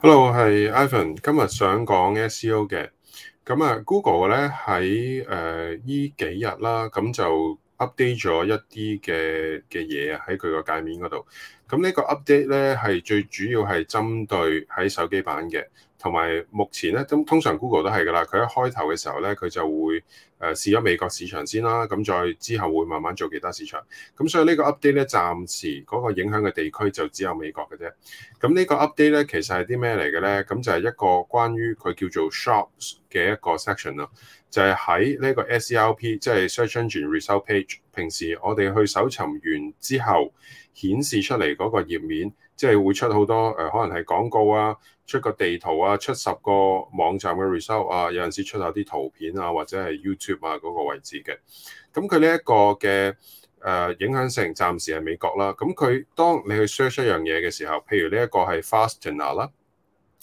Hello，我係 Ivan，今日想講 SEO 嘅，咁啊 Google 咧喺誒依、呃、幾日啦，咁就 update 咗一啲嘅嘅嘢啊，喺佢個界面嗰度。咁呢個 update 咧係最主要係針對喺手機版嘅。同埋目前咧，咁通常 Google 都係㗎啦，佢一開頭嘅時候咧，佢就會誒、呃、試咗美國市場先啦，咁再之後會慢慢做其他市場。咁所以個呢個 update 咧，暫時嗰個影響嘅地區就只有美國嘅啫。咁呢個 update 咧，其實係啲咩嚟嘅咧？咁就係一個關於佢叫做 shops 嘅一個 section 啦，就係喺呢個 S E R P，即係 search engine result page。平時我哋去搜尋完之後，顯示出嚟嗰個頁面，即係會出好多誒、呃，可能係廣告啊，出個地圖啊，出十個網站嘅 result 啊，有陣時出下啲圖片啊，或者係 YouTube 啊嗰個位置嘅。咁佢呢一個嘅誒、呃、影響性，暫時係美國啦。咁、嗯、佢當你去 search 一樣嘢嘅時候，譬如呢一個係 Fastener 啦，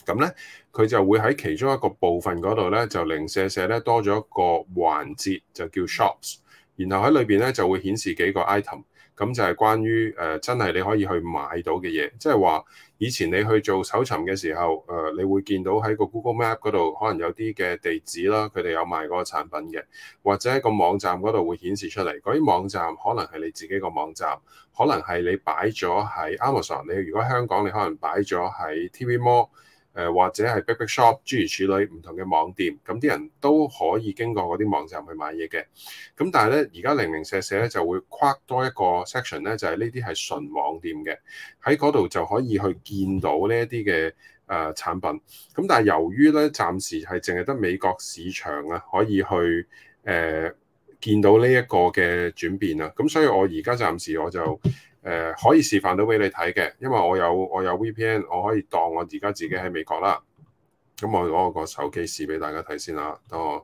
咁咧佢就會喺其中一個部分嗰度咧，就零舍舍咧多咗一個環節，就叫 shops。然後喺裏邊咧就會顯示幾個 item，咁就係關於誒、呃、真係你可以去買到嘅嘢，即係話以前你去做搜尋嘅時候，誒、呃、你會見到喺個 Google Map 嗰度可能有啲嘅地址啦，佢哋有賣嗰個產品嘅，或者喺個網站嗰度會顯示出嚟嗰啲網站可能係你自己個網站，可能係你擺咗喺 Amazon，你如果香港你可能擺咗喺 TV Mall。誒、或者係 Big Shop 諸如此類唔同嘅網店，咁啲人都可以經過嗰啲網站去買嘢嘅。咁但係咧，而家零零舍舍咧就會跨多一個 section 咧，就係呢啲係純網店嘅，喺嗰度就可以去見到呢一啲嘅誒產品。咁但係由於咧暫時係淨係得美國市場啊，可以去誒、呃、見到呢一個嘅轉變啦。咁所以我而家暫時我就。誒、呃、可以示範到俾你睇嘅，因為我有我有 VPN，我可以當我而家自己喺美國啦。咁我攞我個手機試俾大家睇先啦。等我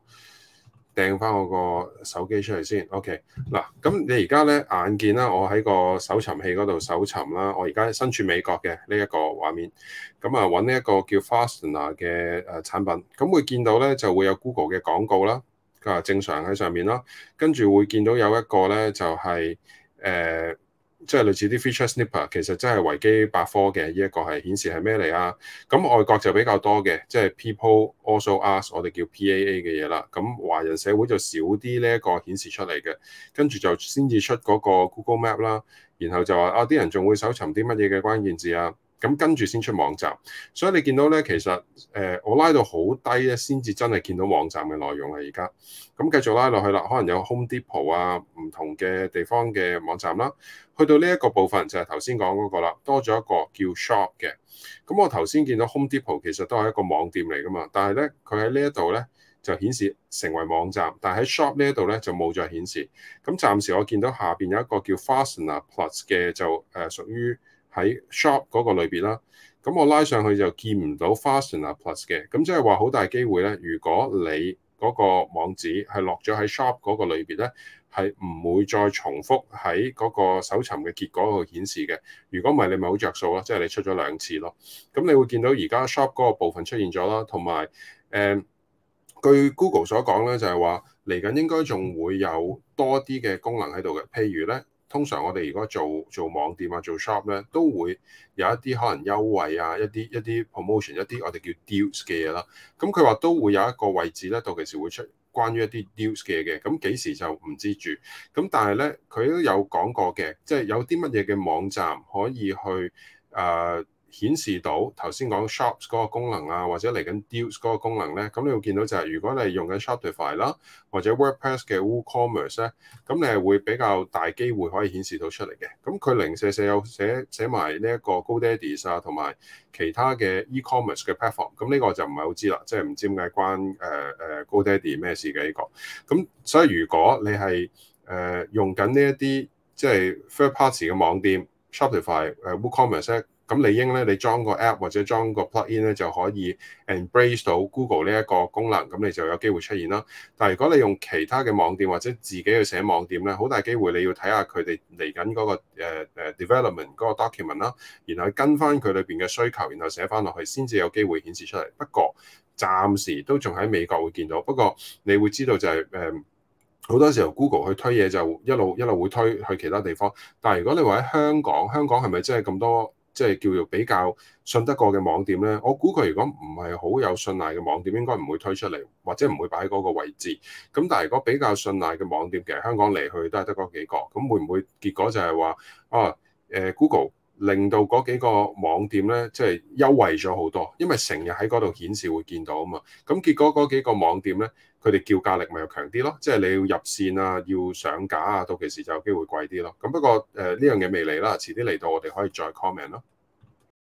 掟翻我個手機出嚟先。OK 嗱，咁你而家咧眼見啦，我喺個搜尋器嗰度搜尋啦，我而家身處美國嘅呢一個畫面，咁啊揾呢一個叫 Fastener 嘅誒產品，咁會見到咧就會有 Google 嘅廣告啦。佢話正常喺上面咯，跟住會見到有一個咧就係、是、誒、呃即係類似啲 feature snipper，其實真係維基百科嘅呢一個係顯示係咩嚟啊？咁外國就比較多嘅，即係 people also ask，我哋叫 PAA 嘅嘢啦。咁華人社會就少啲呢一個顯示出嚟嘅，跟住就先至出嗰個 Google Map 啦。然後就話啊，啲人仲會搜尋啲乜嘢嘅關鍵字啊？咁跟住先出網站，所以你見到咧，其實誒、呃、我拉到好低咧，先至真係見到網站嘅內容啦。而家咁繼續拉落去啦，可能有 Home Depot 啊，唔同嘅地方嘅網站啦。去到呢一個部分就係頭先講嗰個啦，多咗一個叫 Shop 嘅。咁、嗯、我頭先見到 Home Depot 其實都係一個網店嚟噶嘛，但係咧佢喺呢一度咧就顯示成為網站，但係喺 Shop 呢一度咧就冇再顯示。咁、嗯、暫時我見到下邊有一個叫 Fastener Plus 嘅就誒屬於，呃喺 Shop 嗰個裏邊啦，咁我拉上去就見唔到 Fashion 啊 Plus 嘅，咁即係話好大機會咧。如果你嗰個網址係落咗喺 Shop 嗰個裏邊咧，係唔會再重複喺嗰個搜尋嘅結果度顯示嘅。如果唔係，你咪好着數咯，即係你出咗兩次咯。咁你會見到而家 Shop 嗰個部分出現咗啦，同埋誒，據 Google 所講咧，就係話嚟緊應該仲會有多啲嘅功能喺度嘅，譬如咧。通常我哋如果做做網店啊，做 shop 咧，都會有一啲可能優惠啊，一啲一啲 promotion，一啲我哋叫 deals 嘅嘢啦。咁佢話都會有一個位置咧，到時會出關於一啲 deals 嘅嘢嘅。咁、嗯、幾時就唔知住。咁、嗯、但係咧，佢都有講過嘅，即、就、係、是、有啲乜嘢嘅網站可以去誒。呃顯示到頭先講 shops 嗰個功能啊，或者嚟緊 deals 嗰個功能咧，咁你會見到就係、是、如果你用緊 Shopify 啦，或者 WordPress 嘅 WooCommerce 咧，咁你係會比較大機會可以顯示到出嚟嘅。咁佢零舍舍有寫寫埋呢一個 GoDaddy 啊，同埋其他嘅 eCommerce 嘅 platform。咁呢個就唔係好知啦，即係唔知點解關誒誒、呃呃、GoDaddy 咩事嘅呢、這個。咁所以如果你係誒、呃、用緊呢一啲即係 third party 嘅網店 Shopify 誒 WooCommerce 咧。咁理應咧，你裝個 app 或者裝個 plug-in 咧，就可以 embrace 到 Google 呢一個功能，咁你就有機會出現啦。但係如果你用其他嘅網店或者自己去寫網店咧，好大機會你要睇下佢哋嚟緊嗰個誒 development 嗰個 document 啦，然後跟翻佢裏邊嘅需求，然後寫翻落去先至有機會顯示出嚟。不過暫時都仲喺美國會見到，不過你會知道就係誒好多時候 Google 去推嘢就一路一路會推去其他地方。但係如果你話喺香港，香港係咪真係咁多？即係叫做比較信得過嘅網店呢。我估佢如果唔係好有信賴嘅網店，應該唔會推出嚟，或者唔會擺喺嗰個位置。咁但係如果比較信賴嘅網店其實香港嚟去都係得嗰幾個，咁會唔會結果就係話，哦，啊欸，Google，令到嗰幾個網店咧，即係優惠咗好多，因為成日喺嗰度顯示會見到啊嘛。咁結果嗰幾個網店咧，佢哋叫價力咪又強啲咯。即係你要入線啊，要上架啊，到時就有機會貴啲咯。咁不過誒，呢、呃、樣嘢未嚟啦，遲啲嚟到我哋可以再 comment 咯。